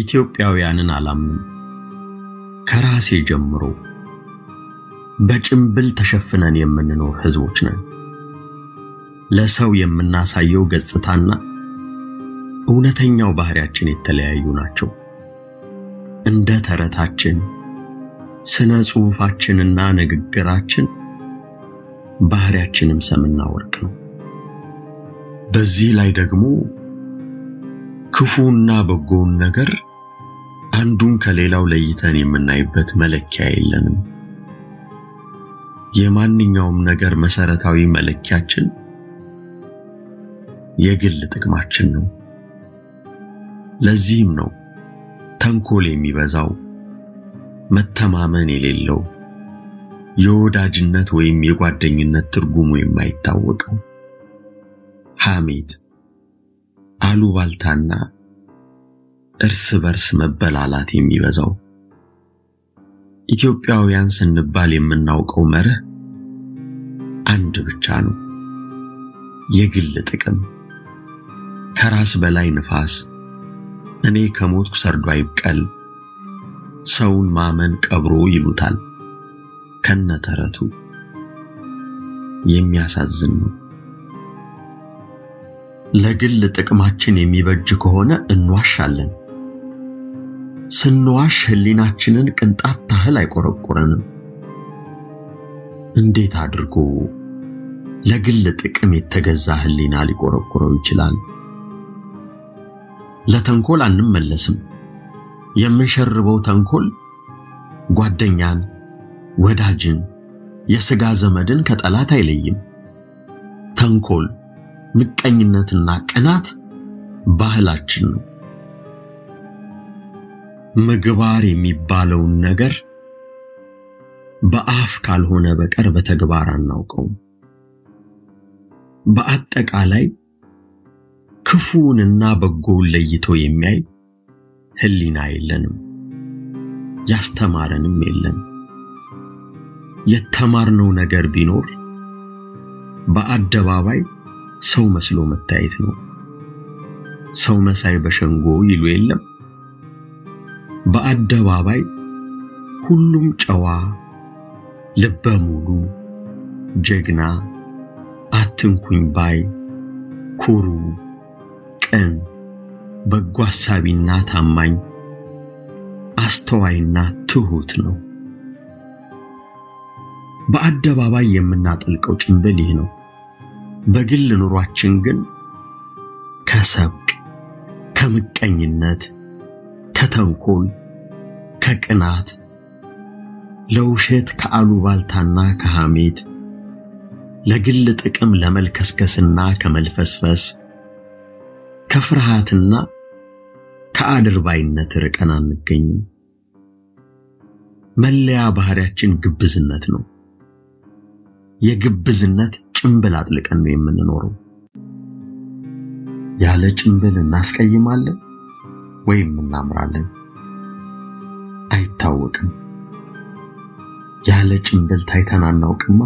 ኢትዮጵያውያንን አላምንም። ከራሴ ጀምሮ በጭምብል ተሸፍነን የምንኖር ህዝቦች ነን። ለሰው የምናሳየው ገጽታና እውነተኛው ባህሪያችን የተለያዩ ናቸው። እንደ ተረታችን፣ ስነ ጽሑፋችንና ንግግራችን ባህሪያችንም ሰምና ወርቅ ነው። በዚህ ላይ ደግሞ ክፉና በጎውን ነገር አንዱን ከሌላው ለይተን የምናይበት መለኪያ የለንም። የማንኛውም ነገር መሰረታዊ መለኪያችን የግል ጥቅማችን ነው። ለዚህም ነው ተንኮል የሚበዛው፣ መተማመን የሌለው፣ የወዳጅነት ወይም የጓደኝነት ትርጉሙ የማይታወቀው፣ ሐሜት፣ አሉባልታና እርስ በርስ መበላላት የሚበዛው። ኢትዮጵያውያን ስንባል የምናውቀው መርህ አንድ ብቻ ነው፣ የግል ጥቅም። ከራስ በላይ ንፋስ፣ እኔ ከሞትኩ ሰርዶ አይብቀል፣ ሰውን ማመን ቀብሮ ይሉታል ከነተረቱ። የሚያሳዝን ነው። ለግል ጥቅማችን የሚበጅ ከሆነ እንዋሻለን። ስንዋሽ ህሊናችንን ቅንጣት ታህል አይቆረቁረንም። እንዴት አድርጎ ለግል ጥቅም የተገዛ ህሊና ሊቆረቁረው ይችላል? ለተንኮል አንመለስም። የምንሸርበው ተንኮል ጓደኛን፣ ወዳጅን፣ የሥጋ ዘመድን ከጠላት አይለይም። ተንኮል፣ ምቀኝነትና ቅናት ባህላችን ነው። ምግባር የሚባለውን ነገር በአፍ ካልሆነ በቀር በተግባር አናውቀውም። በአጠቃላይ ክፉውንና በጎውን ለይቶ የሚያይ ሕሊና የለንም፣ ያስተማረንም የለም። የተማርነው ነገር ቢኖር በአደባባይ ሰው መስሎ መታየት ነው። ሰው መሳይ በሸንጎ ይሉ የለም። በአደባባይ ሁሉም ጨዋ፣ ልበ ሙሉ፣ ጀግና፣ አትንኩኝ ባይ፣ ኩሩ፣ ቅን፣ በጎ አሳቢና ታማኝ፣ አስተዋይና ትሑት ነው። በአደባባይ የምናጠልቀው ጭንብል ይህ ነው። በግል ኑሯችን ግን ከሰብቅ፣ ከምቀኝነት፣ ከተንኮል ከቅናት ለውሸት ከአሉባልታና ከሐሜት ለግል ጥቅም ለመልከስከስና ከመልፈስፈስ ከፍርሃትና ከአድርባይነት ርቀን አንገኝም። መለያ ባህሪያችን ግብዝነት ነው። የግብዝነት ጭምብል አጥልቀን ነው የምንኖረው። ያለ ጭንብል እናስቀይማለን ወይም እናምራለን። አይታወቅም። ያለ ጭምብል ታይተን አናውቅማ።